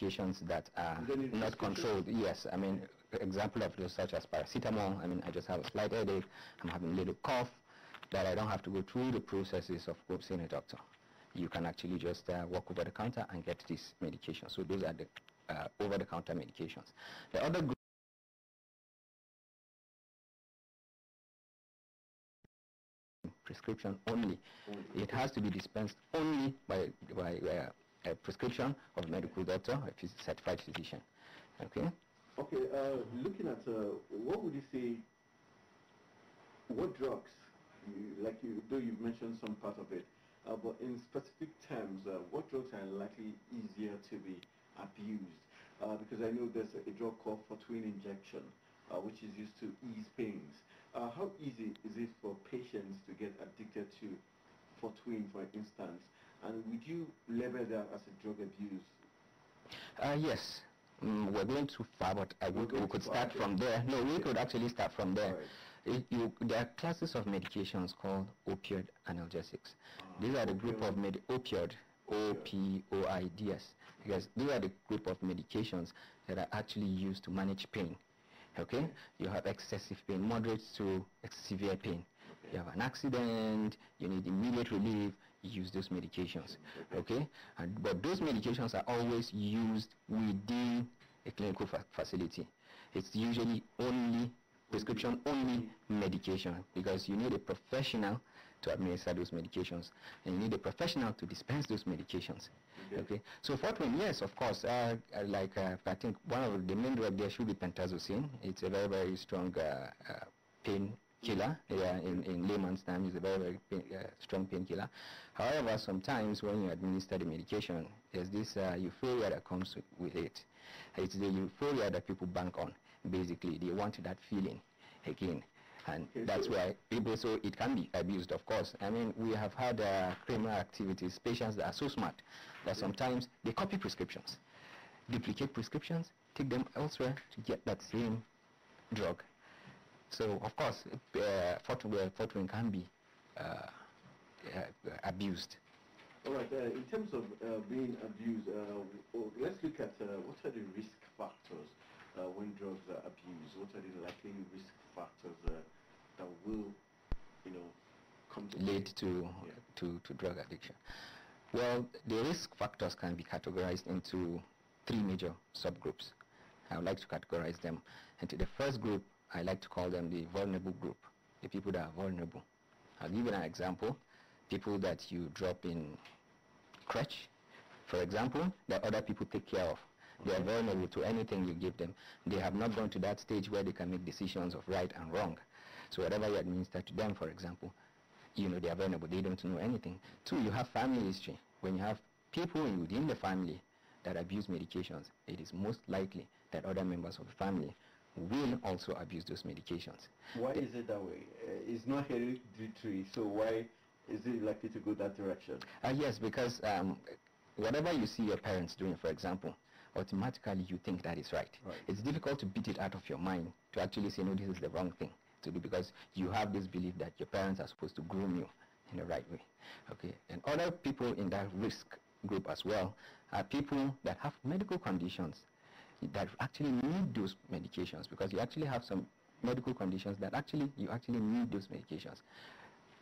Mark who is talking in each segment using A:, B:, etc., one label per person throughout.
A: that are not controlled. Yes, I mean, example of those such as paracetamol. I mean, I just have a slight headache. I'm having a little cough, but I don't have to go through the processes of seeing a doctor. You can actually just uh, walk over the counter and get this medication. So those are the uh, over-the-counter medications. The other group prescription only. It has to be dispensed only by, by, by uh, a prescription of a medical doctor, a phys certified physician. Okay.
B: Okay. Uh, looking at uh, what would you say? What drugs? You, like you, though you've mentioned some part of it, uh, but in specific terms, uh, what drugs are likely easier to be abused? Uh, because I know there's a, a drug called fortuin injection. Uh, which is used to ease pains. Uh, how easy is it for patients to get addicted to fortuin, for instance, and would you label that as a drug abuse? Uh, yes.
A: Mm, we're going too far, but we could start from there. No, we could actually start from there. Right. It, you, there are classes of medications called opioid analgesics. Ah, These are the group of med opioid, O P O I D S. Because these are the group of medications that are actually used to manage pain. Okay, you have excessive pain, moderate to severe pain. Okay. You have an accident, you need immediate relief, use those medications okay and but those medications are always used within a clinical fa facility it's usually only prescription only medication because you need a professional to administer those medications and you need a professional to dispense those medications okay, okay. so fortwin yes of course uh, uh, like uh, i think one of the main drug there should be pentazocine it's a very very strong uh, uh pain killer. Yeah, in, in layman's terms, it's a very, very pain, uh, strong painkiller. However, sometimes when you administer the medication, there's this uh, euphoria that comes with it. It's the euphoria that people bank on, basically. They want that feeling again. And that's why people, so it can be abused, of course. I mean, we have had uh, criminal activities, patients that are so smart that sometimes they copy prescriptions, duplicate prescriptions, take them elsewhere to get that same drug so of course, uh, can be uh, uh, abused.
B: All right. Uh, in terms of uh, being abused, let's look at what are the risk factors when drugs are abused. What are the likely risk factors that will, you know,
A: come to lead to yeah. to to drug addiction? Well, the risk factors can be categorized into three major subgroups. I would like to categorize them into the first group I like to call them the vulnerable group, the people that are vulnerable. I'll give you an example. People that you drop in crutch, for example, that other people take care of. They are mm-hmm. vulnerable to anything you give them. They have not gone to that stage where they can make decisions of right and wrong. So whatever you administer to them, for example, you know they are vulnerable. They don't know anything. Two, you have family history. When you have people within the family that abuse medications, it is most likely that other members of the family will also abuse those medications.
B: Why is it that way? Uh, it's not hereditary, so why is it likely to go that direction? Uh, yes, because
A: um, whatever you see your parents doing, for example, automatically you think that is right. right. It's difficult to beat it out of your mind to actually say, no, this is the wrong thing to do because you have this belief that your parents are supposed to groom you in the right way. Okay, and other people in that risk group as well are people that have medical conditions that actually need those medications because you actually have some medical conditions that actually you actually need those medications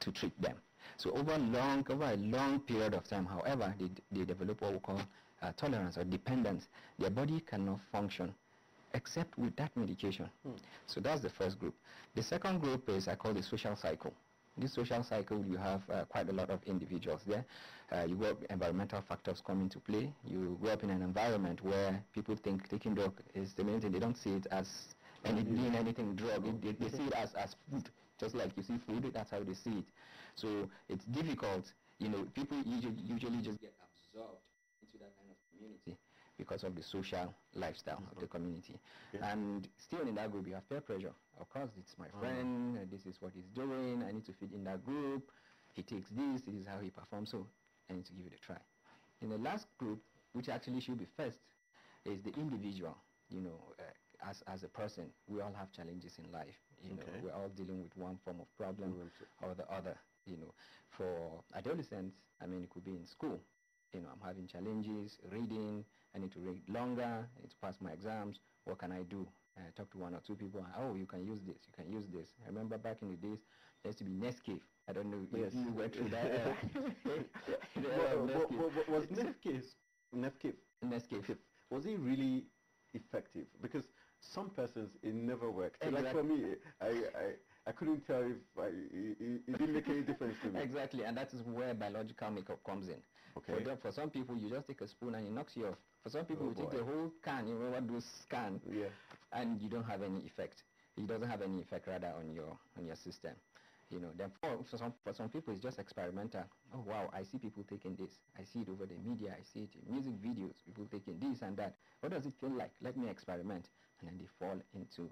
A: to treat them. So over long over a long period of time, however, they, they develop what we call uh, tolerance or dependence. Their body cannot function except with that medication. Hmm. So that's the first group. The second group is I call the social cycle this social cycle, you have uh, quite a lot of individuals there. Uh, you got environmental factors come into play. You grow up in an environment where people think taking drug is the main thing. They don't see it as any, being anything drug. It, they, they see it as, as food. Just like you see food, that's how they see it. So it's difficult. You know, people usually, usually just get absorbed into that kind of community because of the social lifestyle mm -hmm. of the community. And still in that group, you have peer pressure. Of course, it's my mm. friend, uh, this is what he's doing, I need to fit in that group, he takes this, this is how he performs, so I need to give it a try. In the last group, which actually should be first, is the individual, you know, uh, as, as a person. We all have challenges in life, you okay. know, we're all dealing with one form of problem or the other, you know. For adolescents, I mean, it could be in school, you know, I'm having challenges, reading, I need to read longer, I need to pass my exams, what can I do? I talk to one or two people, ah, oh, you can use this, you can use this. I remember back in the days, there used to be Nescafe. I don't know if yes. you went through that was Nescafe,
B: Nescafe, Nescafe, was it really effective? Because some persons, it never worked. Exactly. Like for me, I, I I couldn't tell if I, it, it, didn't make any difference to me.
A: Exactly, and that is where biological makeup comes in. Okay. For, for some people, you just take a spoon and it knocks you off. For some people, oh you boy. take the whole can, you remember those can, yeah. and you don't have any effect. It doesn't have any effect, rather, on your, on your system. You know, then for, for, some, for some people, it's just experimental. Oh, wow, I see people taking this. I see it over the media. I see it in music videos, people taking this and that. What does it feel like? Let me experiment. And then they fall into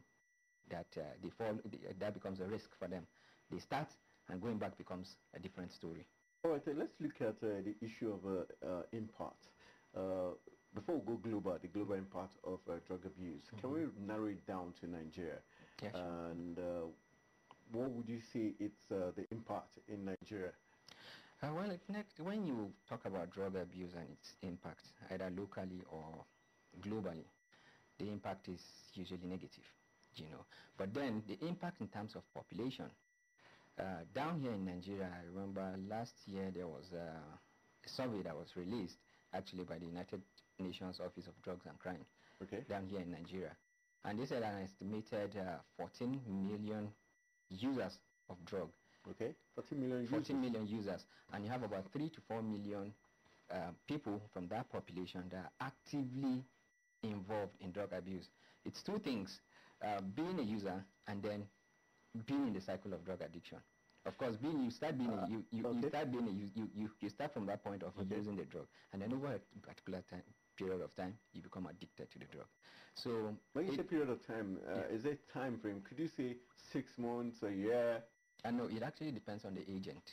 A: that uh, they fall, that becomes a risk for them. They start and going back becomes a different story.
B: All right, let's look at uh, the issue of uh, uh, impact. before we go global, the global impact of drug abuse, mm -hmm. can we mm-hmm. narrow it down to Nigeria? Yes. And what would you say it's the impact in Nigeria? Uh, well, next, when you
A: talk about drug abuse and its impact, either locally or globally, the impact is usually negative, you know. But then the impact in terms of population uh, down here in Nigeria, I remember last year there was a, uh, a, survey that was released actually by the United Nations Office of Drugs and Crime okay. down here in Nigeria. And they said an estimated uh, 14 million users of drug. Okay, 14 million users. users. And you have about 3 to 4 million uh, people from that population that are actively involved in drug abuse. It's two things, uh, being a user and then being in the cycle of drug addiction. Of course, being you start being uh, you, you, okay. you, start being you, you, you, start from that point of okay. using the drug, and then over a particular time period of time, you become addicted to the drug.
B: So when you it, say period of time, uh, is it time frame? Could you say six months, a year? I know it actually depends on the agent.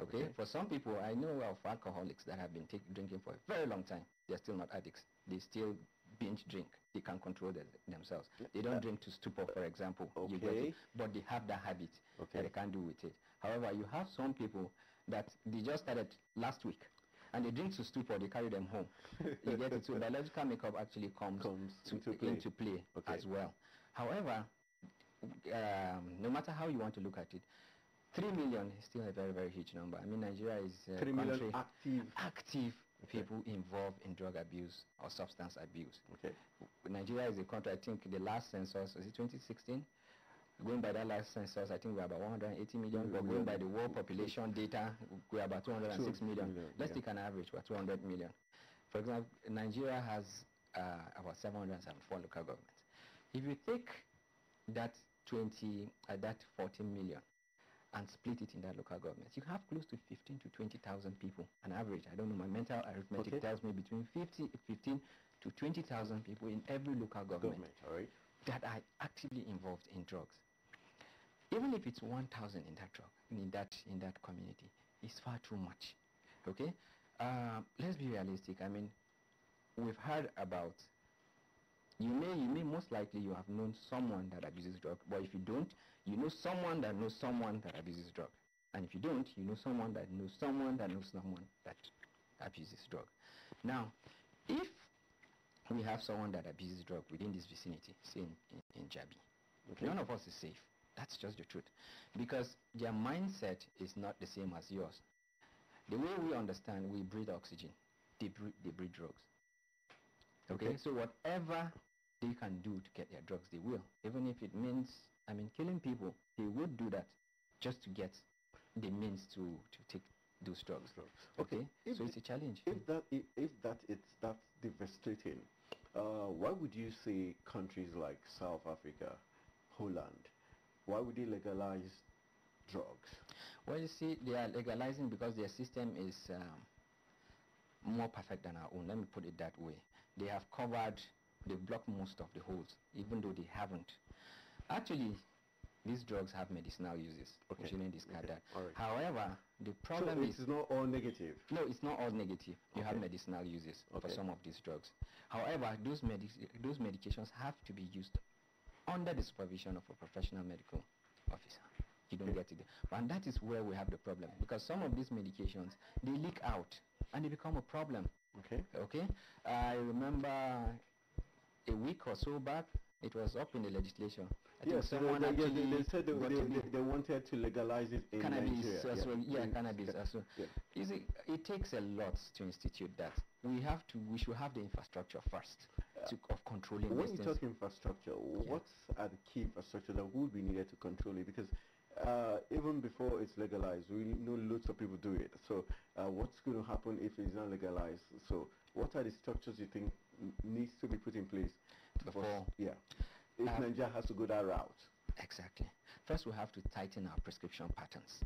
B: Okay? okay. For some people, I know of alcoholics
A: that have been take, drinking for a very long time. They're still not addicts. They still binge drink. They can control the, themselves. They don't drink to stupor, for example. Okay. You get it, but they have that habit. Okay. they can't do with it. However, you have some people that they just started last week and they drink to stupor, they carry them home. you get it? So biological makeup actually comes, comes to, into play, into play okay. as well. However, um, no matter how you want to look at it, Three million is still a very, very huge number. I mean, Nigeria is uh, three million active, active people involved in drug abuse or substance abuse. Okay. Nigeria is a country, I think the last census, is it 2016? Going by that last census, I think we're about 180 million, but going by the world population data, we're about 206 million. million Let's yeah. take an average, we're 200 million. For example, Nigeria has uh, about 774 local governments. If you take that 20, uh, that 14 million, and split it in that local government. You have close to 15 to 20,000 people, on average. I don't know, my mental arithmetic okay. tells me between 50, 15 to 20,000 people in every local government, government all right. that are actively involved in drugs. Even if it's 1,000 in that drug, in that, in that community, it's far too much. Okay? Uh, let's be realistic. I mean, we've heard about you may, you may most likely you have known someone that abuses drug, but if you don't, you know someone that knows someone that abuses drug. And if you don't, you know someone that knows someone that knows someone that abuses drug. Now, if we have someone that abuses drug within this vicinity, say in, in, in Jabi, okay. none of us is safe. That's just the truth. Because their mindset is not the same as yours. The way we understand, we breathe oxygen. They, breathe, they breathe drugs. Okay? okay? So whatever they can do to get their drugs, they will. Even if it means, I mean, killing people, they would do that
B: just to get the means to, to take those drugs. drugs. Okay, If so it's a challenge. If that if, if that it's that devastating, uh, why would you say countries like South Africa, Holland, why would they legalize drugs? Well, you see, they are legalizing because their system is um,
A: more perfect than our own. Let me put it that way. They have covered they block most of the holes, even though they haven't. Actually, these drugs have medicinal uses. Okay. We shouldn't discard okay. that. However, the problem so it is... it's not all negative? No, it's not all negative. You okay. have medicinal uses okay. for some of these drugs. However, those, medi those medications have to be used under the supervision of a professional medical officer. You don't get it. And that is where we have the problem because some of these medications, they leak out and they become a problem. Okay. Okay. I remember a week or so back, it was up in the legislation. I yes, someone they, they, they, said they, they,
B: wanted to legalize it in cannabis Nigeria. As yeah. Well, yeah, cannabis
A: yeah. as well. Yeah. It, it, takes a lot to institute that. We have to. We should have the infrastructure first uh, to, of controlling. When you talk
B: infrastructure, what are the key infrastructure that would be needed to control it? Because uh, even before it's legalized, we know lots of people do it. So uh, what's going to happen if it's not legalized? So what are the structures you think needs to be put in place. Before, yeah, if um, Nigeria has to go that route. Exactly. First, we have to tighten our
A: prescription patterns.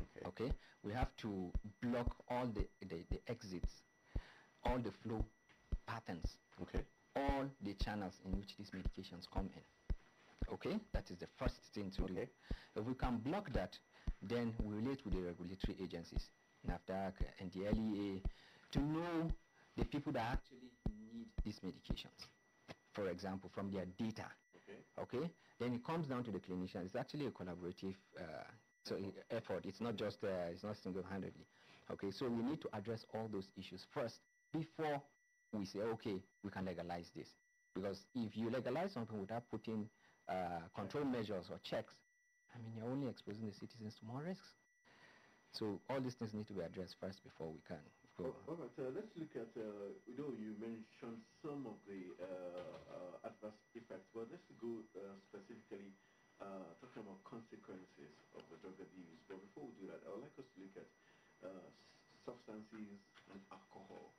A: Okay. okay. We have to block all the, the, the exits, all the flow patterns. Okay. All the channels in which these medications come in. Okay, that is the first thing to okay. do. If we can block that, then we relate with the regulatory agencies, NAFDAC and the LEA, to know the people that actually these medications, for example, from their data. Okay. okay? Then it comes down to the clinician. It's actually a collaborative uh, so effort. It's not just, uh, it's not single-handedly. Okay, so we need to address all those issues first before we say, okay, we can legalize this. Because if you legalize something without putting uh, control measures or checks, I mean, you're only exposing the citizens to more risks. So all these things need to be addressed first before we can all right,
B: uh, let's look at, uh, you know, you mentioned some of the uh, uh adverse effects, but let's go uh, specifically uh, talking about consequences of the drug abuse. But before we do that, I would like us to look at substances and alcohol.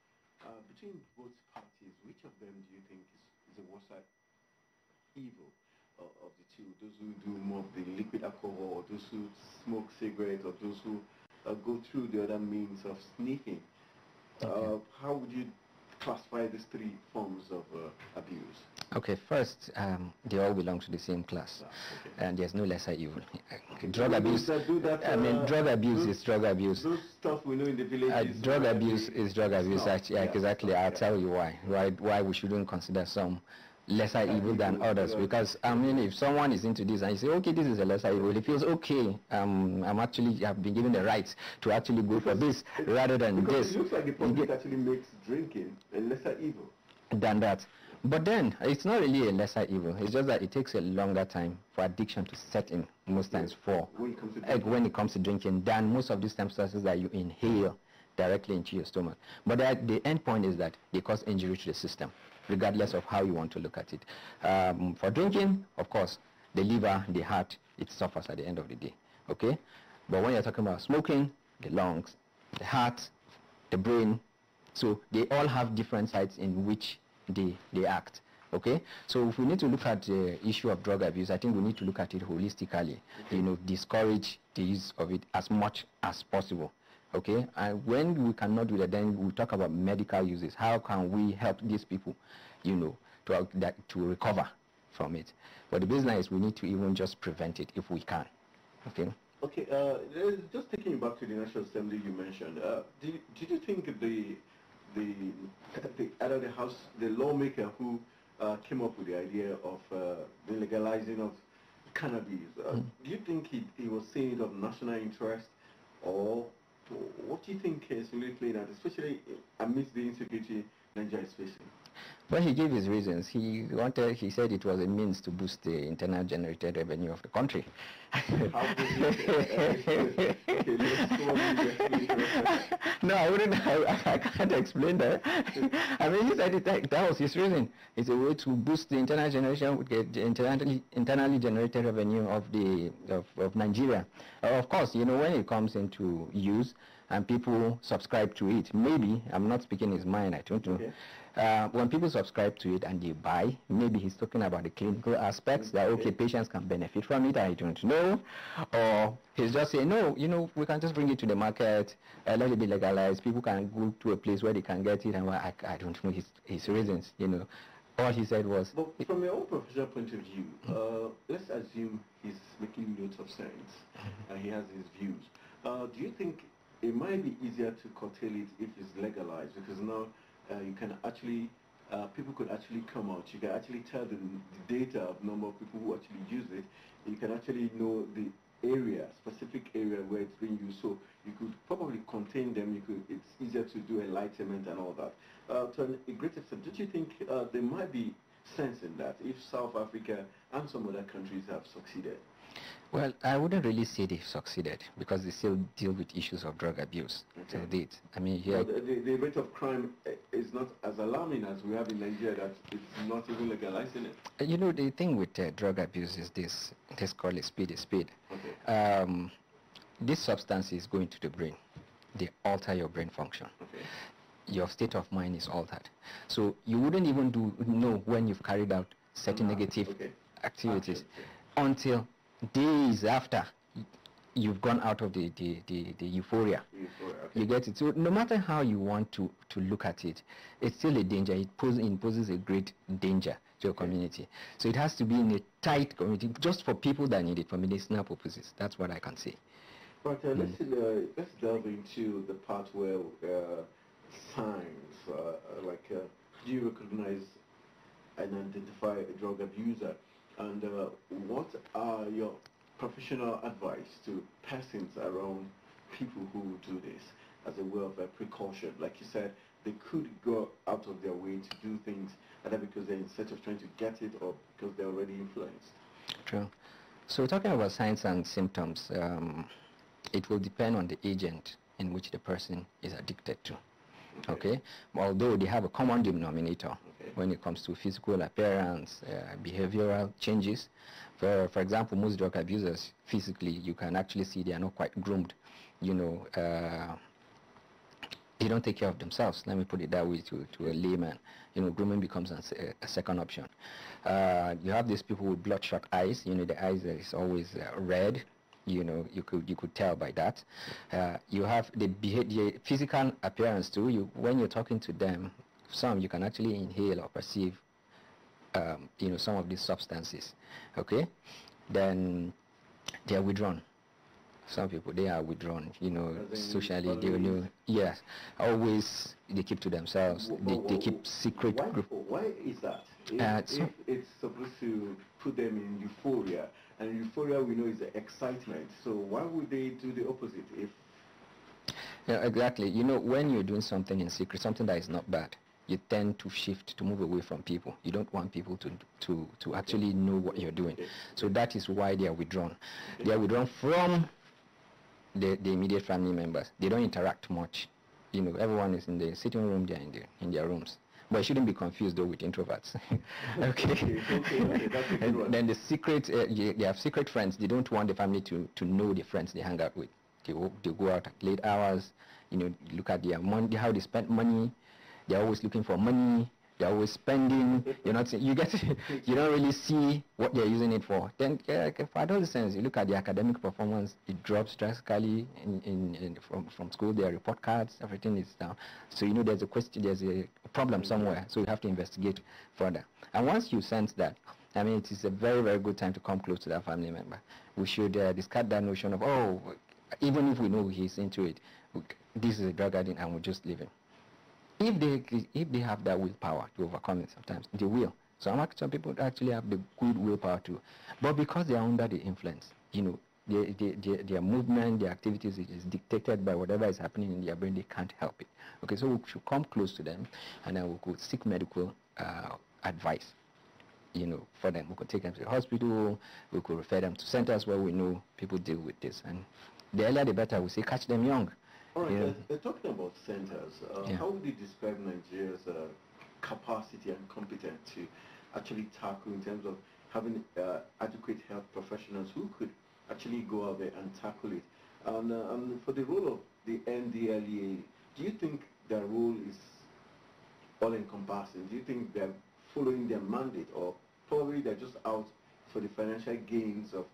B: between both parties, which of them do you think is, is the worst evil of the two? Those who do more of the liquid alcohol, or those who smoke cigarettes, or those who go through the other means of sneaking uh, how would you classify these three forms of uh, abuse?
A: Okay, first, um, they all belong to the same class, ah, okay. and there's no lesser evil. drug do abuse. Do that, uh, I mean, uh, drug abuse those, is drug abuse. Those
B: stuff we know in the village. Uh, drug abuse
A: is drug abuse. Actually, yeah, exactly. I'll tell you why. Why we shouldn't consider some lesser evil than others because I mean if someone is into this and you say okay this is a lesser evil he feels okay um, I'm actually have been given the right to actually go because for this rather than because this it looks like
B: the public actually makes drinking a lesser evil
A: than that but then it's not really a lesser evil it's just that it takes a longer time for addiction to set in most times for
B: when it comes to drinking, when
A: it comes to drinking than most of these substances that you inhale directly into your stomach but the end point is that they cause injury to the system regardless of how you want to look at it. Um, for drinking, of course, the liver, the heart, it suffers at the end of the day. Okay? But when you're talking about smoking, the lungs, the heart, the brain, so they all have different sites in which they, they act. Okay, so if we need to look at the issue of drug abuse, I think we need to look at it holistically. You know, discourage the use of it as much as possible okay and when we cannot do that then we talk about medical uses how can we help these people you know to that to recover from it but the business is we need to even just prevent it if we can okay
B: okay uh, just taking you back to the national assembly you mentioned uh, did, did you think the the the out of the house the lawmaker who uh, came up with the idea of the uh, legalizing of cannabis uh, mm. do you think he, he was seeing it of national interest or what do you think is really playing that, especially amidst the insecurity Nigeria is facing?
A: But he gave his reasons. He wanted, he said it was a means to boost the internal generated revenue of the country. no, I wouldn't, I, I can't explain that. I mean, he said it, that, that was his reason. It's a way to boost the internal generation, the internally, internally generated revenue of, the, of, of Nigeria. Uh, of course, you know, when it comes into use, and people subscribe to it. Maybe I'm not speaking his mind. I don't know uh, when people subscribe to it and they buy, maybe he's talking about the clinical aspects that okay, patients can benefit from it. I don't know, or he's just saying no. You know, we can just bring it to the market, uh, let it be legalized. People can go to a place where they can get it, and well, I, I don't know his his reasons. You know, all he said was.
B: But from your own professional point of view, uh, let's assume he's making notes of science mm-hmm. and he has his views. Uh, do you think it might be easier to curtail it if it's legalized? Because now uh, you can actually, uh, people could actually come out. You can actually tell the, the data of number of people who actually use it. You can actually know the area, specific area where it's being used. So you could probably contain them. You could. It's easier to do enlightenment and all that. Uh, to a great extent, don't you think uh, there might be sense in that if South Africa and some other countries have succeeded?
A: Well, I wouldn't really say they've succeeded because they still deal with issues of drug abuse okay. date. I mean, here the,
B: the, the, rate of crime is not as alarming as we have in Nigeria that it's not even legalizing it.
A: Uh, you know, the thing with uh, drug abuse is this. It's called speed is speed. Okay. Um, this substance is going to the brain. They alter your brain function. Okay. Your state of mind is altered. So you wouldn't even do know when you've carried out certain negative okay. activities until days after you've gone out of the, the, the, the euphoria. euphoria okay. You get it. So no matter how you want to, to look at it, it's still a danger. It, poses it poses a great danger to your community. So it has to be in a tight community just for people that need it for medicinal purposes. That's what I can say.
B: But uh, let's, mm. uh, let's delve into the part where uh, signs, uh, like uh, do you recognize and identify a drug abuser? And uh, what are your professional advice to persons around people who do this as a way of a precaution? Like you said, they could go out of their way to do things either because they're in search of trying to get it or because they're already influenced.
A: True. So we're talking about signs and symptoms. Um, it will depend on the agent in which the person is addicted to. Okay. okay? Although they have a common denominator. Okay when it comes to physical appearance, uh, behavioral changes. For, for example, most drug abusers, physically, you can actually see they are not quite groomed. You know, uh, they don't take care of themselves. Let me put it that way to, to a layman. You know, grooming becomes a, a second option. Uh, you have these people with bloodshot eyes. You know, the eyes is always uh, red you know you could you could tell by that uh, you have the behavior physical appearance too you when you're talking to them some you can actually inhale or perceive um, you know some of these substances okay then they are withdrawn some people they are withdrawn you know socially they know yes always they keep to themselves they, they keep secret why, group
B: why is that if, uh, if it's supposed to put them in euphoria and euphoria we know is excitement so why would they do the opposite if
A: yeah exactly you know when you're doing something in secret something that is not bad you tend to shift to move away from people. You don't want people to to to actually know what you're doing. So that is why they are withdrawn. They are withdrawn from the, the immediate family members. They don't interact much. You know, everyone is in the sitting room. They are in their in their rooms. But I shouldn't be confused though with introverts.
B: okay. okay, okay and
A: then the secret, uh, they have secret friends. They don't want the family to to know the friends they hang out with. They, they go out at late hours. You know, look at their money, how they spend money they're always looking for money. They're always spending. You're not. You get. you don't really see what they're using it for. Then yeah, for adolescents, you look at the academic performance. It drops drastically in, in, in from from school. Their report cards, everything is down. So you know there's a question. There's a problem somewhere. So you have to investigate further. And once you sense that, I mean, it is a very, very good time to come close to that family member. We should uh, discard that notion of, oh, even if we know he's into it, this is a drug addict and we just leave him if they if they have that willpower to overcome it sometimes they will some some people actually have the good willpower too but because they are under the influence you know their, their, their movement, their activities is dictated by whatever is happening in their brain. They can't help it. Okay, so we should come close to them, and then we could seek medical uh, advice. You know, for them, we could take them to the hospital. We could refer them to centers where we know people deal with this, and the earlier the better. We say catch them young
B: all right, yeah. Uh, talking about centers. Uh, yeah. How would you describe Nigeria's uh, capacity and competence to actually tackle in terms of having uh, adequate health professionals who could actually go out there and tackle it? And, uh, for the role of the NDLEA, do you think their role is all-encompassing? Do you think they're following their mandate or probably they're just out for the financial gains of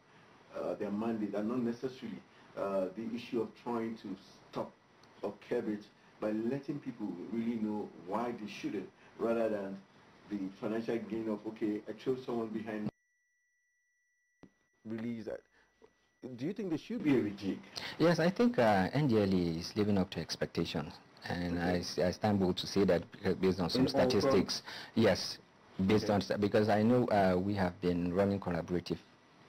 B: uh, their mandate and not necessarily the issue of trying to of cabbage by letting people really know why they shouldn't rather than the financial gain of, okay, I chose someone behind release that. Do you think there should be a rejig?
A: Yes, I think uh, NDLE is living up to expectations. And okay. I, I stand bold to say that uh, based on some In statistics, yes, based okay. on, because I know uh, we have been running collaborative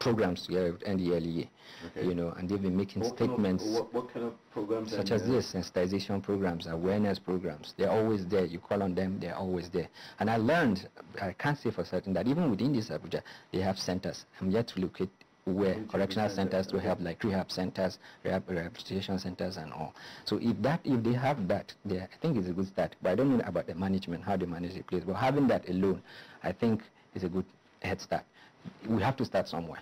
A: programs here with NDLEA, okay. you know, and they've been making what statements. Kind of, what, what, kind
B: of programs?
A: Such as this, sensitization programs, awareness programs. They're always there. You call on them, they're always there. And I learned, I can't say for certain that even within this Abuja, they have centers. I'm yet to locate where correctional centers to help like rehab centers, rehab, rehabilitation centers and all. So if that, if they have that, there, I think it's a good start. But I don't know about the management, how they manage the place. But having that alone, I think is a good head start. We have to start somewhere.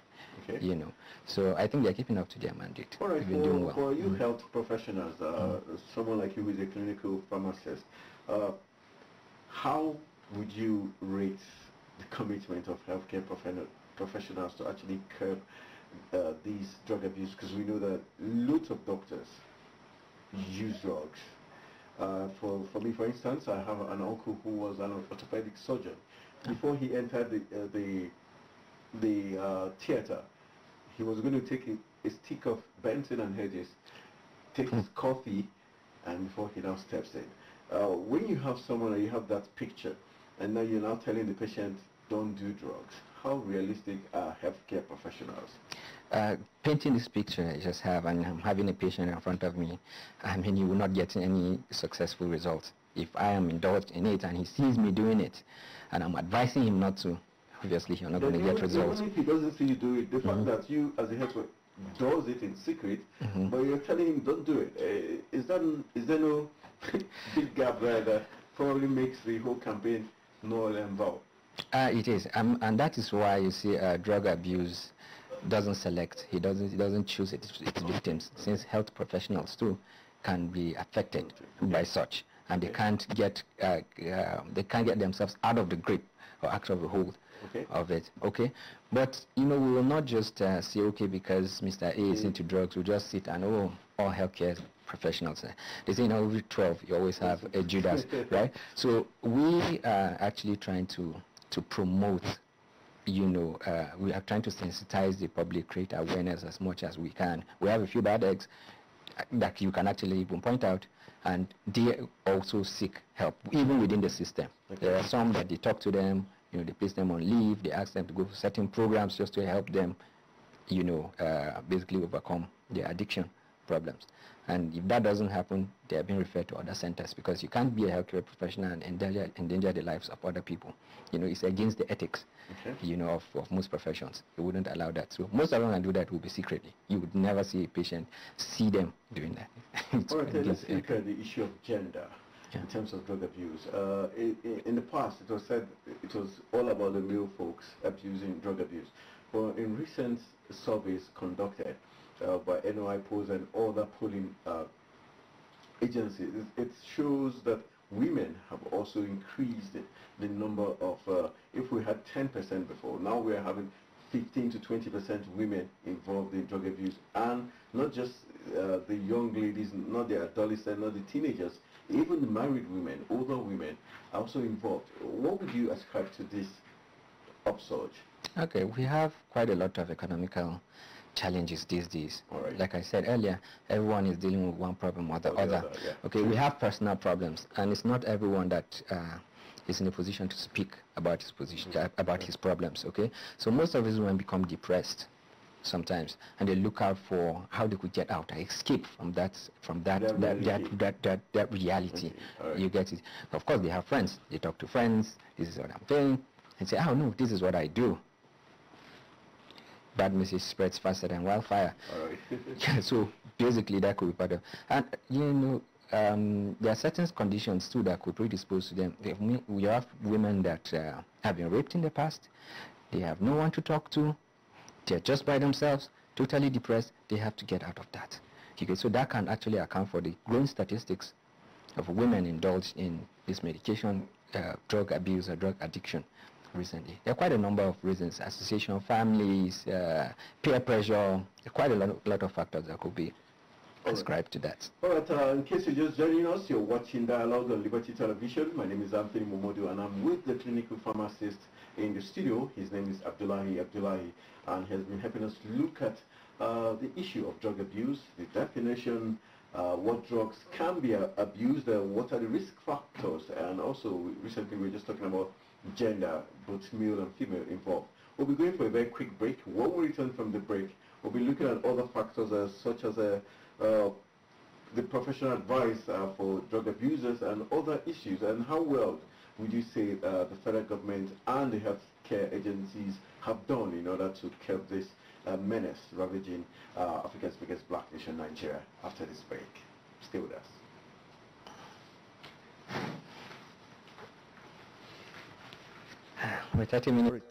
A: Okay. You know, so I think they're keeping up to their mandate. All right, for, well. for
B: you mm. health professionals, uh, mm. someone like you who is a clinical pharmacist, uh, how would you rate the commitment of healthcare prof professionals to actually curb uh, these drug abuse? Because we know that lots of doctors use drugs. Uh, for, for me, for instance, I have an uncle who was an orthopedic surgeon. Ah. Before he entered the, uh, the, the uh, theater, he was going to take a, a stick of Benson and Hedges, take his hmm. coffee, and before he now steps in. Uh, when you have someone and you have that picture, and now you're now telling the patient, don't do drugs, how realistic are healthcare professionals?
A: Uh, painting this picture I just have, and I'm having a patient in front of me, I mean, you will not get any successful results If I am indulged in it and he sees me doing it, and I'm advising him not to, obviously you're not going to get results. Even if
B: he doesn't see you do it, the fact mm-hmm. that you as a headway does it in secret, mm-hmm. but you're telling him don't do it. Uh, is that is there no big gap there that probably makes the whole campaign null and void?
A: Uh, it is, um, and that is why you see uh, drug abuse doesn't select. He doesn't. He doesn't choose its, its victims, since health professionals too can be affected okay. by such, and they can't get uh, uh, they can't get themselves out of the grip or out of the hold okay. of it. Okay, but you know we will not just uh, say okay because Mr. A is mm. into drugs. We will just sit and oh, all healthcare professionals. Uh, they say in no, week 12 you always have a Judas, right? So we are actually trying to to promote you know, uh, we are trying to sensitize the public, create awareness as much as we can. We have a few bad eggs uh, that you can actually even point out, and they also seek help, even within the system. Okay. There are some that they talk to them, you know, they place them on leave, they ask them to go for certain programs just to help them, you know, uh, basically overcome their addiction problems. And if that doesn't happen, they are being referred to other centers because you can't be a healthcare professional and endanger, endanger the lives of other people. You know, it's against the ethics, okay. you know, of, of most professions. You wouldn't allow that. So most of them that do that will be secretly. You would never see a patient, see them doing
B: that. well, let's look at the issue of gender in terms of drug abuse. Uh, in, in, the past, it was said it was all about the male folks abusing drug abuse. But in recent surveys conducted uh, by NOI polls and other polling uh, agencies, it shows that women have also increased the number of, uh, if we had 10% before, now we are having 15 to 20% women involved in drug abuse and not just uh, the young ladies, not the adolescents, not the teenagers, even the married women, older women are also involved. What would you ascribe to this upsurge?
A: Okay, we have quite a lot of economical challenges these days. Right. Like I said earlier, everyone is dealing with one problem or the, or other. other yeah. Okay, we have personal problems, and it's not everyone that uh, is in a position to speak about his position, mm -hmm. uh, about yeah. his problems. Okay, so most of these women become depressed sometimes and they look out for how they could get out escape from that from that that that, that, that, that, that reality okay. right. you get it of course they have friends they talk to friends this is what i'm doing and say oh no this is what i do bad message spreads faster than wildfire right. so basically that could be part of and you know um, there are certain conditions too that could predispose to them. We have women that uh, have been raped in the past. They have no one to talk to they're just by themselves, totally depressed. They have to get out of that. Okay, so that can actually account for the growing statistics of women indulged in this medication, uh, drug abuse, or drug addiction recently. There are quite a number of reasons, association of families, uh, peer pressure, quite a lot of, lot of factors that could be ascribe to that.
B: All right, uh, in case you're just joining us, you're watching Dialogue on Liberty Television. My name is Anthony Momodu, and I'm with the clinical pharmacist in the studio. His name is Abdullahi Abdullahi, and he has been helping us look at uh, the issue of drug abuse, the definition, uh, what drugs can be uh, abused, uh, what are the risk factors, and also recently we were just talking about gender, both male and female involved. We'll be going for a very quick break. When we return from the break, we'll be looking at other factors uh, such as uh, the professional advice uh, for drug abusers and other issues and how well would you say uh, the federal government and the health care agencies have done in order to curb this uh, menace ravaging uh, Africa's biggest black nation, Nigeria, after this break? Stay with us.
A: We're 30 minutes.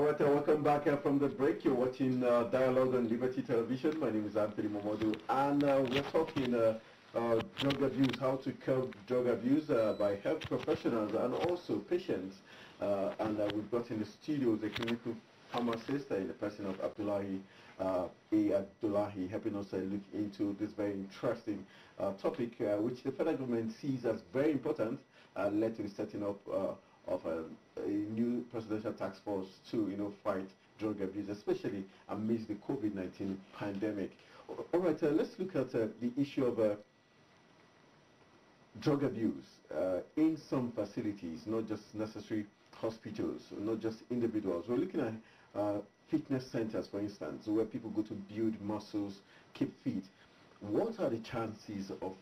B: All right, welcome back from the break. You're watching uh, Dialogue on Liberty Television. My name is Anthony Momodu, and uh, we're talking uh, uh, drug abuse, how to curb drug abuse uh, by health professionals and also patients. and we've got in the studio the clinical pharmacist in the person of Abdullahi uh, A. Abdullahi helping us look into this very interesting topic, which the federal government sees as very important, led to the setting up of a new presidential task force to, you know, fight drug abuse, especially amidst the COVID-19 pandemic. All right, uh, let's look at uh, the issue of uh, drug abuse uh, in some facilities, not just necessary hospitals, not just individuals. We're looking at uh, fitness centers, for instance, where people go to build muscles, keep fit. What are the chances of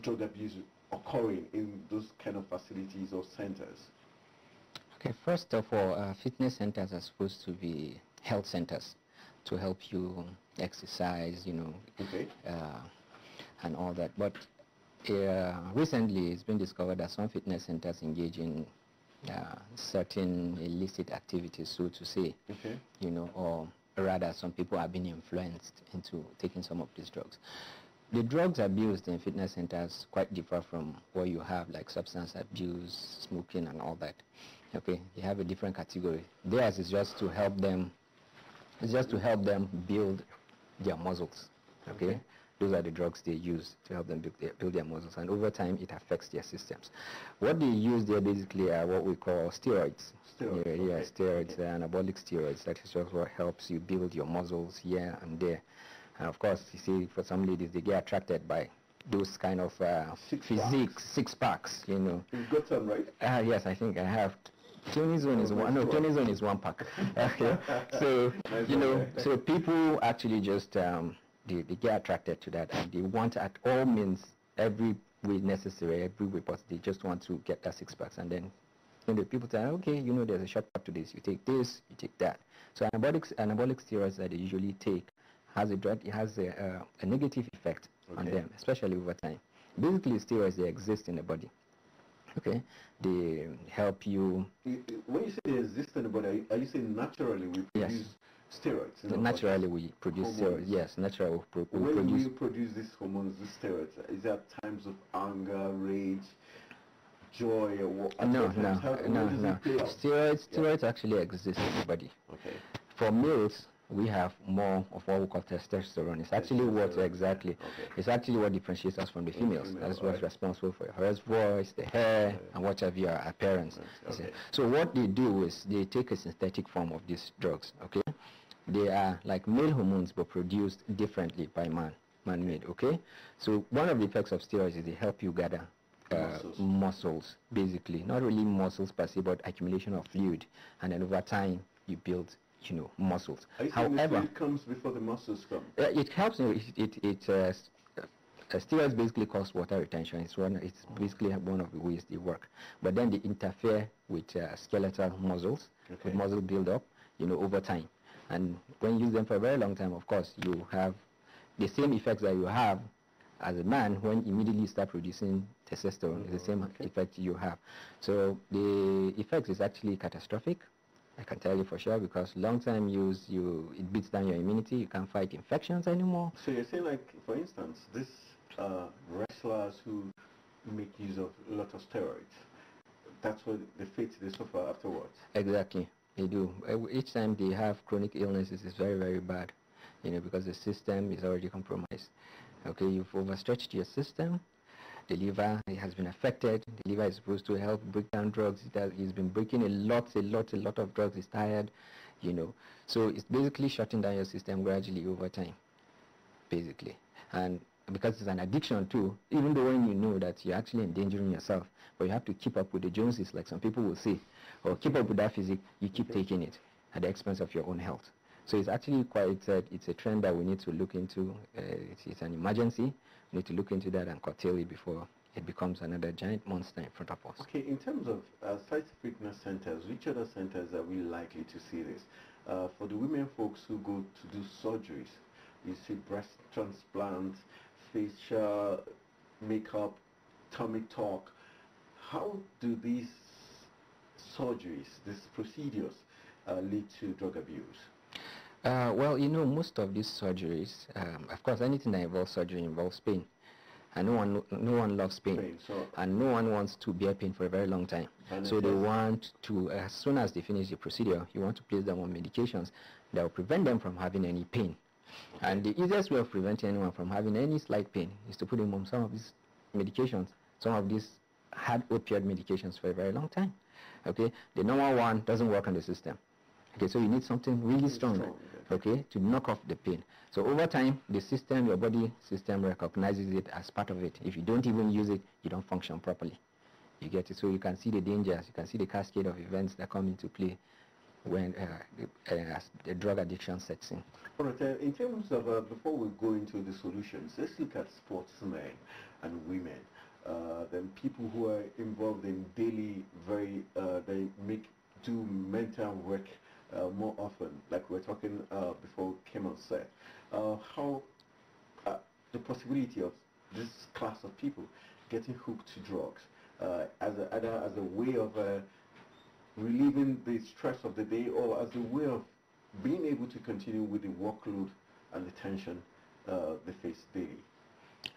B: drug abuse occurring in those kind of facilities or centers?
A: Okay, first of all, uh, fitness centers are supposed to be health centers to help you exercise, you know, okay. uh, and all that. But uh, recently, it's been discovered that some fitness centers engage in uh, certain illicit activities, so to say, okay. you know, or rather, some people are being influenced into taking some of these drugs. The drugs abused in fitness centers quite differ from what you have, like substance abuse, smoking, and all that. Okay, they have a different category. Theirs is just to help them. It's just to help them build their muscles. Okay? okay. Those are the drugs they use to help them build their, build their muscles, and over time it affects their systems. What they use there basically are what we call steroids. Steroids. Yeah, okay. yeah steroids, okay. anabolic steroids. That is just what helps you build your muscles here and there. And of course, you see, for some ladies, they get attracted by those kind of uh, six physiques, packs. six packs, you know.
B: you got some, right?
A: Uh, yes, I think I have Tony oh Zone is one. No, Tony Zone is one pack. so you know, so people actually just um, they, they get attracted to that and they want at all means every way necessary, every way possible. They just want to get that six packs and then when the people say, okay, you know, there's a shortcut to this. You take this, you take that. So anabolic anabolic steroids that they usually take has a drug, it has a, uh, a negative effect okay. on them, especially over time. Basically, steroids they exist in the body okay they help you
B: when you say they exist in the body are you saying naturally we produce yes. steroids no, naturally we produce hormones. steroids yes
A: naturally we, pro when we produce when you
B: produce these hormones these steroids is that times of anger rage joy or what no no how, no no
A: steroids steroids yeah. actually exist in the body okay for males we have more of what we call testosterone. It's actually what exactly. Okay. It's actually what differentiates us from the females. Female, That's what's right. responsible for her voice, the hair, and what have your appearance. Okay. So what they do is they take a synthetic form of these drugs. Okay, they are like male hormones but produced differently by man, man-made. Okay, so one of the effects of steroids is they help you gather uh, muscles. muscles. basically. Not really muscles per se, but accumulation of fluid. And then over time, you build you know, muscles. However, it
B: comes before the muscles come.
A: it helps. You know, it it, it uh, uh, steroids basically cause water retention. It's one. It's oh. basically one of the ways they work. But then they interfere with uh, skeletal muscles, okay. with muscle buildup, you know, over time. And when you use them for a very long time, of course, you have the same effects that you have as a man when immediately you start producing testosterone. Oh, it's the oh, same okay. effect you have. So the effects is actually catastrophic I can tell you for sure because long-term use, you it beats down your immunity. You can't fight infections anymore.
B: So you see, like, for instance, these uh, wrestlers who make use of a lot of steroids, that's what the fate they suffer afterwards.
A: Exactly, they do. Each time they have chronic illnesses, it's very, very bad, you know, because the system is already compromised. Okay, you've overstretched your system the liver has been affected. The liver is supposed to help break down drugs. It has, he's been breaking a lot, a lot, a lot of drugs. He's tired, you know. So it's basically shutting down your system gradually over time, basically. And because it's an addiction too, even though when you know that you're actually endangering yourself, but you have to keep up with the Joneses, like some people will say, or keep up with that physique, you keep taking it at the expense of your own health. So it's actually quite, it's a, it's a trend that we need to look into. Uh, it's, it's an emergency need to look into that and curtail it before it becomes another giant monster in front of
B: us. Okay, in terms of uh, fitness centers, which other centers are we likely to see this? Uh, for the women folks who go to do surgeries, You see breast transplants, facial makeup, tummy talk. How do these surgeries, these procedures, uh, lead to drug abuse?
A: Uh, well, you know, most of these surgeries, um, of course, anything that involves surgery involves pain. And no one, no one loves pain, pain so and no one wants to bear pain for a very long time. So they want to, as soon as they finish the procedure, you want to place them on medications that will prevent them from having any pain. And the easiest way of preventing anyone from having any slight pain is to put them on some of these medications, some of these hard opioid medications for a very long time. Okay, the normal one doesn't work on the system. Okay, so you need something really strong. strong okay, to knock off the pain. So over time, the system, your body system recognizes it as part of it. If you don't even use it, you don't function properly. You get it? So you can see the dangers, you can see the cascade of events that come into play when uh, the, uh, the, drug addiction sets in.
B: All right, uh, in terms of, uh, before we go into the solutions, let's look at sportsmen and women. Uh, then people who are involved in daily, very, uh, they make do mental work uh, more often, like we were talking uh, before came on set, uh, how uh, the possibility of this class of people getting hooked to drugs uh, as, a, as a way of uh, relieving the stress of the day or as a way of being able to continue with the workload and the tension they face daily.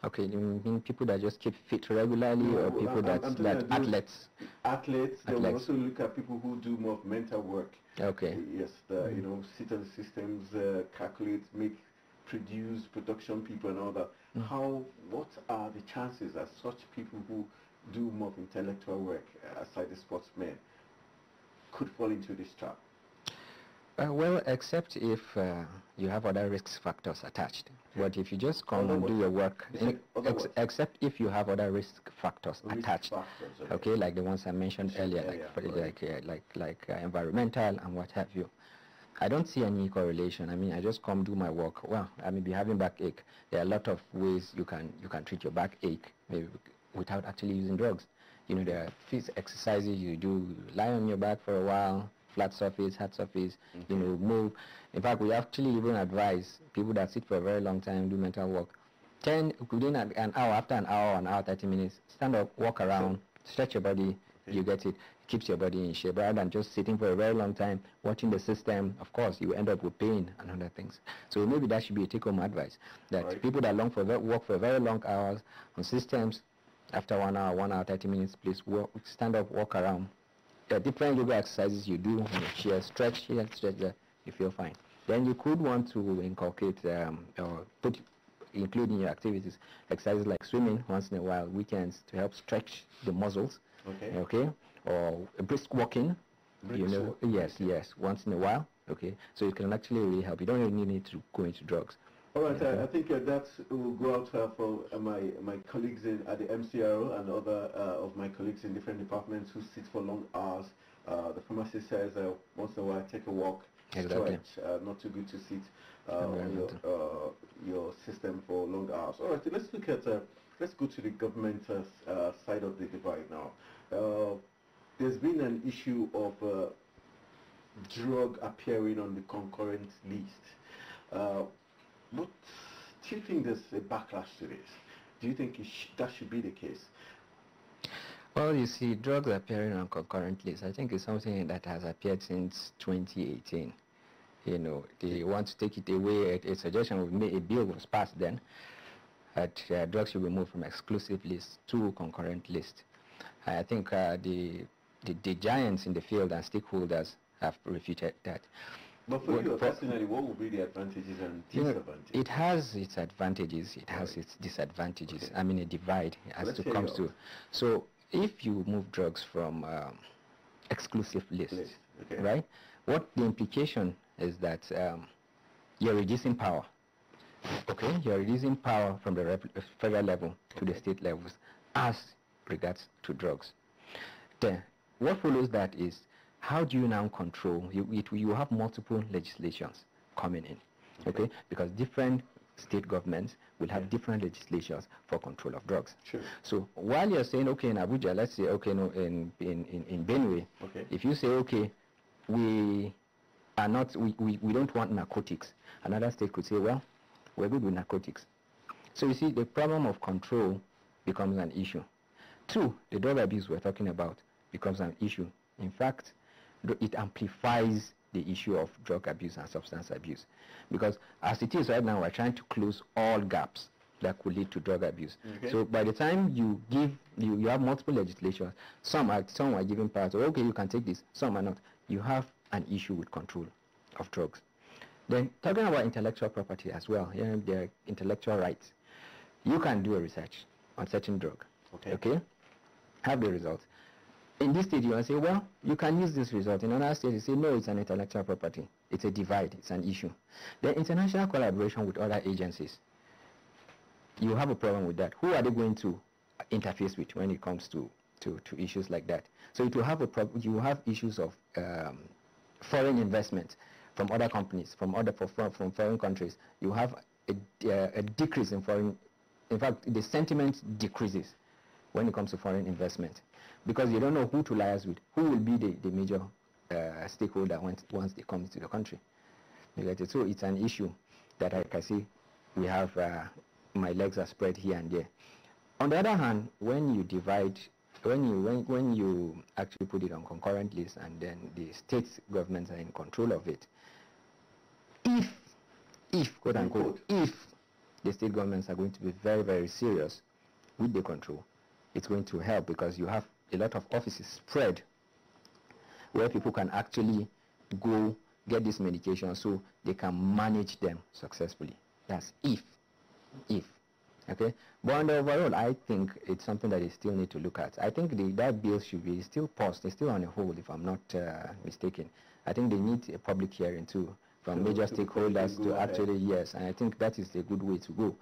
A: Okay, you mean people that just keep fit regularly no, or people I'm, that, I'm that athletes?
B: Athletes, then we also look at people who do more mental work. Okay. Yes, the, mm. you know, certain systems uh, calculate, make, produce, production people and all that. Mm. How, what are the chances that such people who do more intellectual work, uh, aside the sportsmen, could fall into this trap?
A: Uh, well, except if uh, you have other risk factors attached. But if you just come other and do your work, in, ex except if you have other risk factors risk attached, factors, okay. okay. like the ones I mentioned yeah, earlier, yeah, like, yeah, uh, like, like, like, uh, environmental and what have you. I don't see any correlation. I mean, I just come do my work. Well, I may be having backache. There are a lot of ways you can you can treat your backache maybe without actually using drugs. You know, there are exercises you do. Lie on your back for a while, flat surface, hard surface, mm-hmm. you know, move. In fact, we actually even advise people that sit for a very long time, do mental work, 10, within an, an hour, after an hour, an hour, 30 minutes, stand up, walk around, stretch your body, you get it. it. Keeps your body in shape rather than just sitting for a very long time, watching the system. Of course, you end up with pain and other things. So maybe that should be a take-home advice that right. people that long for work for very long hours on systems, after one hour, one hour, 30 minutes, please walk, stand up, walk around, the different yoga exercises you do on stretch here, stretch there, you feel fine. Then you could want to inculcate um, or put include in your activities exercises like swimming once in a while, weekends to help stretch the muscles. Okay. Okay. Or brisk walking. Brisk you know. Walk. Yes. Yes. Once in a while. Okay. So it can actually really help. You don't really need to go into drugs.
B: All right, I think uh, that will go out uh, for uh, my, my colleagues in, at the MCRO and other uh, of my colleagues in different departments who sit for long hours. Uh, the pharmacist says once in a while take a walk, exactly. stretch, not too good to sit on your, your system for long hours. All right, let's look at, let's go to the government side of the divide now. there's been an issue of drug appearing on the concurrent list. What do you think there's a backlash to this? Do you think sh that should be the case?
A: Well, you see, drugs appearing on concurrent lists, I think it's something that has appeared since 2018. You know, they want to take it away. A, a suggestion was made, a bill was passed then that uh, drugs should be moved from exclusive list to concurrent list. I think uh, the, the, the giants in the field and stakeholders have refuted that.
B: But for you personally, what would be the advantages and disadvantages? It
A: has its advantages. It has right. its disadvantages. Okay. I mean, a divide as Let's to comes to. So if you move drugs from um, exclusive list, list. Okay. right? What the implication is that um, you're reducing power. Okay, you're reducing power from the federal level to okay. the state levels as regards to drugs. Then what follows that is how do you now control? You, it, you have multiple legislations coming in, okay? okay? Because different state governments will have different legislations for control of drugs. Sure. So while you're saying, okay, in Abuja, let's say, okay, no, in, in, in, in Benue, okay. if you say, okay, we are not, we, we, we don't want narcotics, another state could say, well, we're good with narcotics. So you see, the problem of control becomes an issue. Two, the drug abuse we're talking about becomes an issue. In fact, it amplifies the issue of drug abuse and substance abuse. Because as it is right now, we're trying to close all gaps that could lead to drug abuse. Okay. So by the time you give, you, you have multiple legislations, some are, some are giving power. so oh, okay, you can take this, some are not. You have an issue with control of drugs. Then talking about intellectual property as well, you know, their intellectual rights. You can do a research on certain drug, okay? okay? Have the results in this state you say well you can use this result in another state you say no it's an intellectual property it's a divide it's an issue The international collaboration with other agencies you have a problem with that who are they going to interface with when it comes to to, to issues like that so you will have a you have issues of um, foreign investment from other companies from other from, from foreign countries you have a, uh, a decrease in foreign in fact the sentiment decreases when it comes to foreign investment because they don't know who to liaise with, who will be the, the major uh, stakeholder once, once they come into the country. It? So it's an issue that I can see we have, uh, my legs are spread here and there. On the other hand, when you divide, when you, when, when you actually put it on concurrent list, and then the state governments are in control of it, if, if, quote unquote, if the state governments are going to be very, very serious with the control, it's going to help because you have a lot of offices spread where people can actually go get this medication so they can manage them successfully. That's if, if, okay? But overall, I think it's something that they still need to look at. I think the, that bill should be still paused. It's still on a hold, if I'm not uh, mistaken. I think they need a public hearing too from so major stakeholders to ahead. actually, yes, and I think that is a good way to go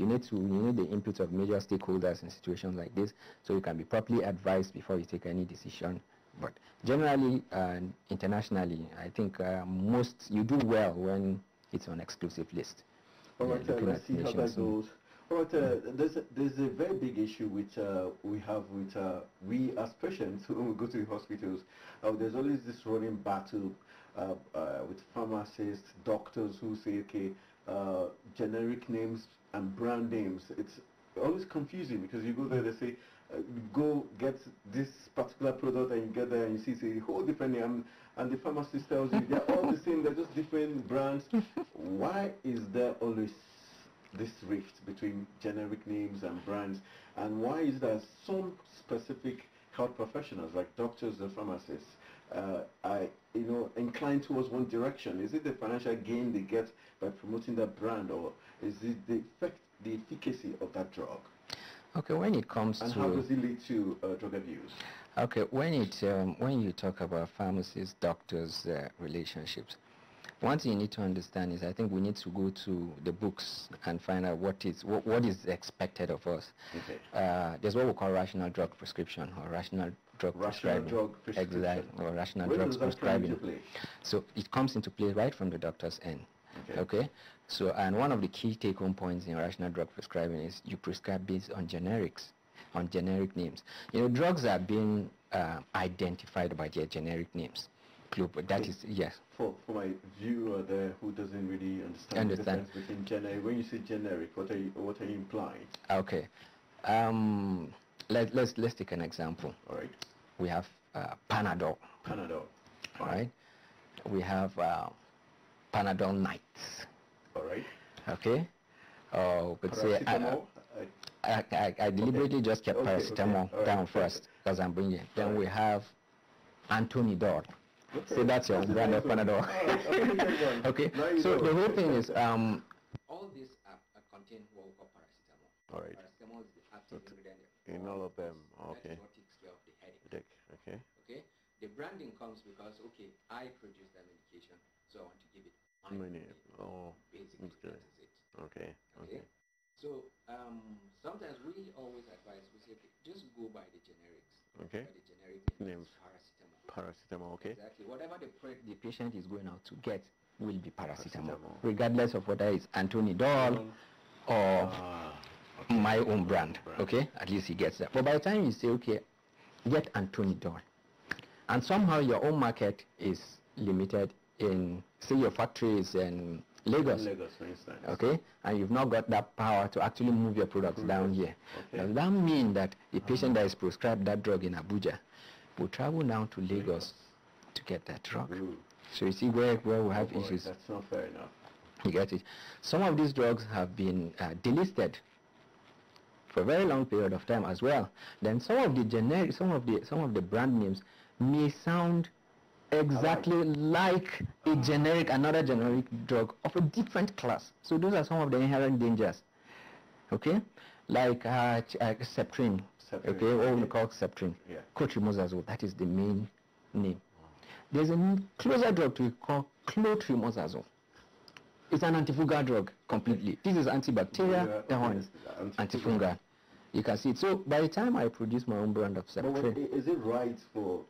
A: you need to you need the input of major stakeholders in situations like this so you can be properly advised before you take any decision but generally uh, internationally i think uh, most you do well when it's on exclusive list
B: all right uh, let's see how that goes all right uh, there's a, there's a very big issue which uh, we have with uh, we as patients when we go to the hospitals there's always this running battle with pharmacists doctors who say okay generic names and brand names. It's always confusing because you go there, they say, uh, go get this particular product and you get there and you see it's a whole different name and the pharmacist tells you they're all the same, they're just different brands. Why is there always this rift between generic names and brands and why is there some specific health professionals like doctors and pharmacists uh, are you know inclined towards one direction is it the financial gain they get by promoting that brand or is it the effect, the efficacy of that drug?
A: Okay, when it comes and to... how does it
B: lead to uh, drug abuse?
A: Okay, when, it, um, when you talk about pharmacists, doctors, uh, relationships, one thing you need to understand is I think we need to go to the books and find out what is, what, what is expected of us. Okay. Uh, there's what we call rational drug prescription or rational drug rational prescribing. drug prescription. Exactly, or rational Where drugs prescribing. So it comes into play right from the doctor's end. Okay. okay. So, and one of the key take-home points in rational drug prescribing is you prescribe based on generics, on generic names. You know, drugs are being uh, identified by their generic names. that is, yes.
B: For, for my viewer there who doesn't really understand, understand. the difference between generic, when you say generic, what are you, what are you implying?
A: Okay. Um, let, let's, let's take an example. All right. We have uh, Panadol. Panadol. All right. We have uh, Panadol Nights. All right. Okay. Uh, could say I, I, I, I, deliberately okay. just kept okay, paracetamol okay. down right. first because I'm bringing. It. Then right. we have Anthony Dodd. Okay. So that's your brand of Panadol. Right. Oh, okay. So the whole thing is um, all these are, are uh, contain what we call paracetamol.
B: All right. Paracetamol
A: is the active ingredient.
B: In all of them. Okay. That's what care of the headache. Okay.
A: Okay. The branding comes because okay, I produce that medication, so I want to give it
B: my Oh. Basically, okay. that is it. Okay. Okay. okay.
A: So um, sometimes we always advise we say just go by the generics. Okay. By the generic name paracetamol. Paracetamol. Okay. Exactly. Whatever the the patient is going out to get will be paracetamol, paracetamol. regardless of whether it's Antonidol um, or uh, my own brand. brand. Okay. At least he gets that. But by the time you say okay, get Antonidol, and somehow your own market is limited in, say your factories in Lagos, Lagos for instance. okay, and you've not got that power to actually move your products down here. Okay. Does that mean that a patient that is prescribed that drug in Abuja will travel now to Lagos, Lagos. to get that drug? So you see where, where we have oh boy, issues. That's not fair enough. You get it. Some of these drugs have been uh, delisted for a very long period of time as well. Then some of the generic, some of the some of the brand names may sound Exactly like a generic, another generic drug of a different class. So those are some of the inherent dangers. Okay, like uh, uh, septrine. septrine. Okay, what we call septrine. Yeah. Clotrimazole. That is the main name. There's a closer drug to call clotrimazole. It's an antifungal drug completely. This is antibacterial. Yeah, that antifungal. You can see it. So by the time I produce my own brand of septrine,
B: is it right for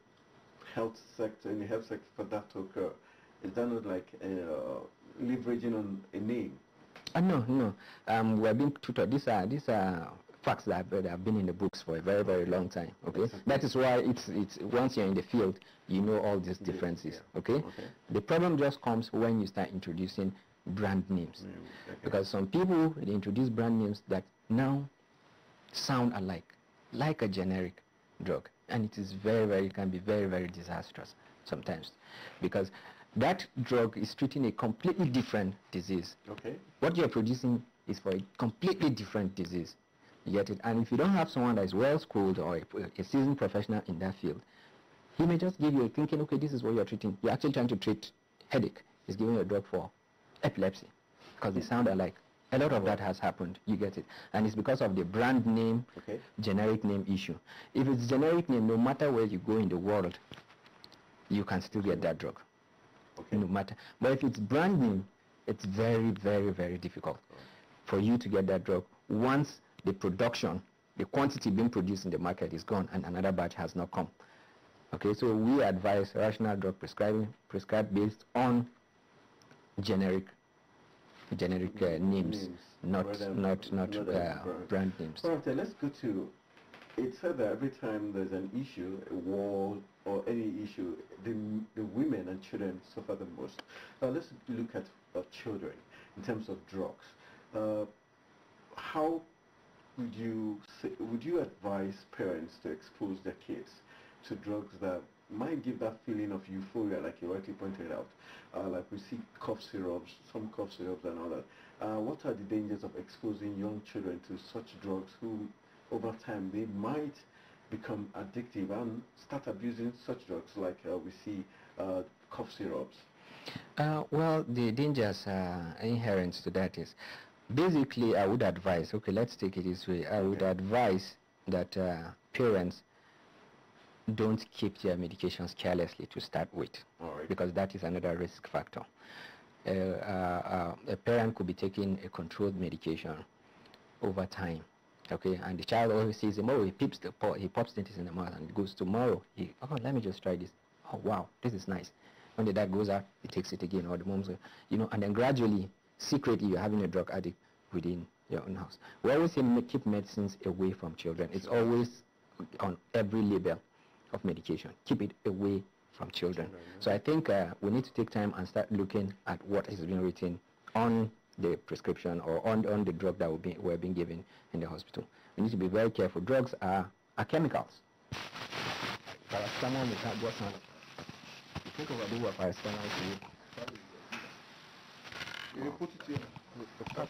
B: health sector, in the health sector for that to occur? Is that not like a, uh, leveraging on a name?
A: Uh, no, no. Um, we have been tutored. These are these are facts that have, that have, been in the books for a very very long time. Okay, exactly. that is why it's it's once you're in the field, you know all these differences. Yeah. Okay? okay, the problem just comes when you start introducing brand names, mm, okay. because some people they introduce brand names that now sound alike, like a generic drug and it is very, very, it can be very, very disastrous sometimes because that drug is treating a completely different disease. Okay. What you're producing is for a completely different disease. You get it? And if you don't have someone that is well-schooled or a, a seasoned professional in that field, he may just give you a thinking, okay, this is what you're treating. You're actually trying to treat headache. He's giving you a drug for epilepsy because they hmm. sound alike. A lot of that has happened. You get it. And it's because of the brand name, okay. generic name issue. If it's generic name, no matter where you go in the world, you can still get that drug. Okay. No matter. But if it's brand name, it's very, very, very difficult for you to get that drug once the production, the quantity being produced in the market is gone and another batch has not come. Okay, so we advise rational drug prescribing, prescribed based on generic generic uh, names, not not not uh, brand. brand names.
B: Well, uh, let's go to. It said that every time there's an issue, a war or any issue, the, the women and children suffer the most. Now let's look at uh, children in terms of drugs. how would you say, would you advise parents to expose their kids to drugs that might give that feeling of euphoria like you rightly pointed out. Uh, like we see cough syrups, some cough syrups and all that. Uh, what are the dangers of exposing young children to such drugs who over time they might become addictive and start abusing such drugs like uh, we see uh, cough syrups?
A: Uh, well, the dangers inherent to that is basically I would advise, okay, let's take it this way. I would okay. advise that uh, parents don't keep their medications carelessly to start with right. because that is another risk factor. Uh, uh, uh, a parent could be taking a controlled medication over time, okay, and the child always sees him, oh, he, peeps the po he pops dentists in the mouth and goes, tomorrow, he, oh, let me just try this. Oh, wow, this is nice. When the dad goes out, he takes it again, or the mom's, you know, and then gradually, secretly, you're having a drug addict within your own house. We always say keep medicines away from children. It's always on every label of medication. Keep it away from children. children yeah. So I think uh, we need to take time and start looking at what has been written on the prescription or on, on the drug that we're being given in the hospital. We need to be very careful. Drugs are, are chemicals. Paracetamol is not You think of a paracetamol to you.
B: You put it in. Oh.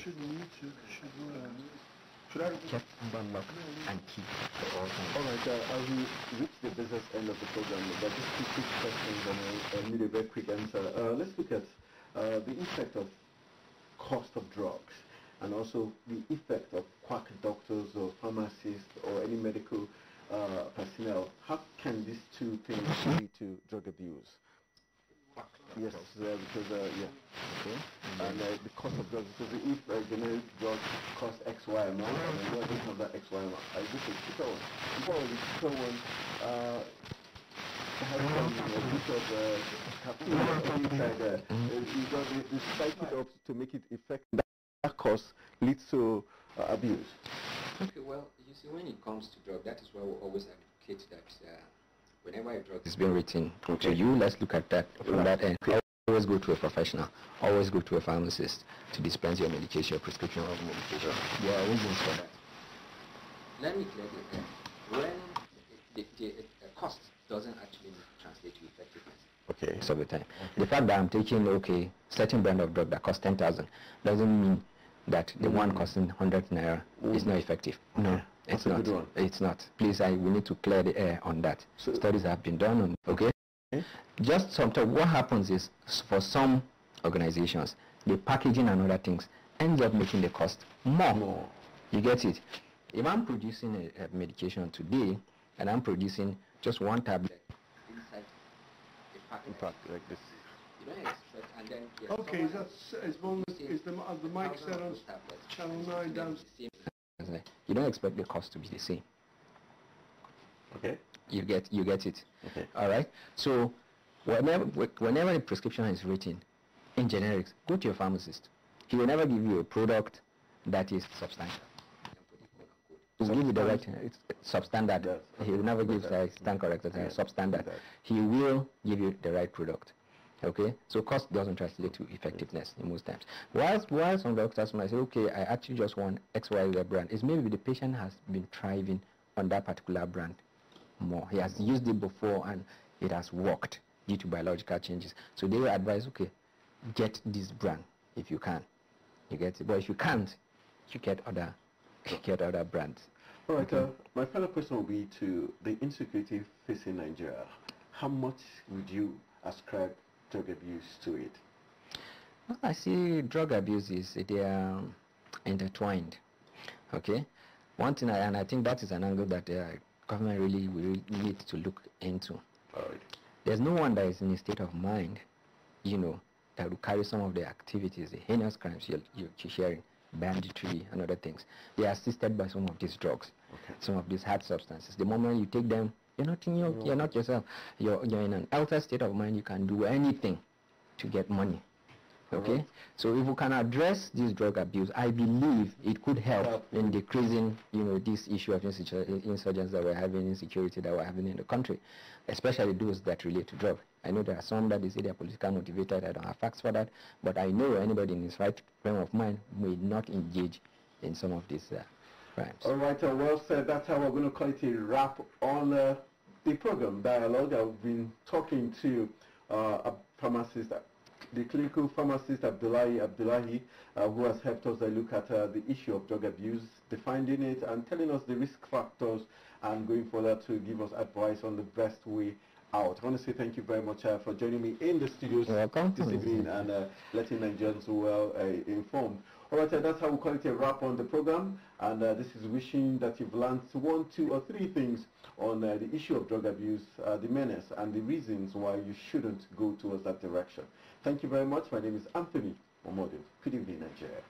B: Should need to, should um, should I check and keep the organ? Alright, uh, as we reach the business end of the program, but are just two quick questions and I uh, need a very quick answer. Uh, let's look at uh, the effect of cost of drugs and also the effect of quack doctors or pharmacists or any medical uh, personnel. How can these two things lead to drug abuse? Yes, uh, because uh, yeah. Okay. And, and uh, the cost of drugs because if a uh, generic drug costs X Y amount, and the not have that X Y amount, I just, a cheaper one. And probably the cheaper one uh, has some a uh, bit of uh, caffeine inside there. You spike it up to make it effective. That cost leads to abuse.
A: Okay, well, you see, when it comes to drugs, that is why we always advocate that whenever a drug is being written okay. to you, let's look at that from right. that end. Always go to a professional. Always go to a pharmacist to dispense your medication, your prescription medication. There are reasons for that. Let me clear the air. When the, the, the, cost doesn't actually translate to effectiveness. Okay. Most of the time. Okay. The fact that I'm taking, okay, certain brand of drug that costs 10,000 doesn't mean that the mm one costing 100 naira mm is not effective. No. It's not. It's not. Please, I we need to clear the air on that. So Studies have been done on. Okay. okay. Just sometimes, what happens is for some organizations, the packaging and other things ends up making the cost more. more. You get it? If I'm producing a, a medication today and I'm producing just one tablet inside a packet, pack like this. Then, okay, Is that's as long as is the, the mic set on channel 9 down isn't it? You don't expect the cost to be the same. Okay. You get you get it. Okay. All right. So whenever whenever a prescription is written in generics, go to your pharmacist. He will never give you a product that is substandard. He'll give you the right it's substandard. Yes. He will never give like stand corrected yes. substandard. He will give you the right product. Okay, so cost doesn't translate to effectiveness in most times. Whilst, whilst some doctors might say, okay, I actually just want XYZ brand, it's maybe the patient has been thriving on that particular brand more. He has used it before and it has worked due to biological changes. So they will advise, okay, get this brand if you can. You get it, but if you can't,
B: you get other, get other brands. All right. Okay. Uh, my final question will be to the insecurity facing Nigeria. How much would you ascribe drug abuse to it?
A: Well, I see drug is they are intertwined. Okay? One thing, I, and I think that is an angle that the uh, government really will need to look into. There's no one that is in a state of mind, you know, that will carry some of the activities, the heinous crimes you're, you're sharing, banditry and other things. They are assisted by some of these drugs, okay. some of these hard substances. The moment you take them, you're not in your, no. you're not yourself. You're, you're in an altered state of mind. You can do anything to get money. Uh-huh. Okay? Right. So if we can address this drug abuse, I believe it could help in decreasing, you know, this issue of insurgents that we're having, insecurity that we're having in the country, especially those that relate to drug. I know there are some that they say they're politically motivated. I don't have facts for that. But I know anybody in his right frame of mind may not engage in some of these uh, crimes.
B: All right. Uh, well said. That's how we're going to call it a wrap on uh the program dialogue, I've been talking to uh, a pharmacist, the clinical pharmacist Abdullahi Abdullahi, uh, who has helped us look at uh, the issue of drug abuse, defining it and telling us the risk factors and going further to give us advice on the best way out. I want to say thank you very much uh, for joining me in the studios Welcome. this evening and uh, letting Nigerians well uh, informed. All right, uh, that's how we call it a wrap on the program. And uh, this is wishing that you've learned one, two, or three things on uh, the issue of drug abuse, uh, the menace, and the reasons why you shouldn't go towards that direction. Thank you very much. My name is Anthony Omodin. Good evening, Nigeria.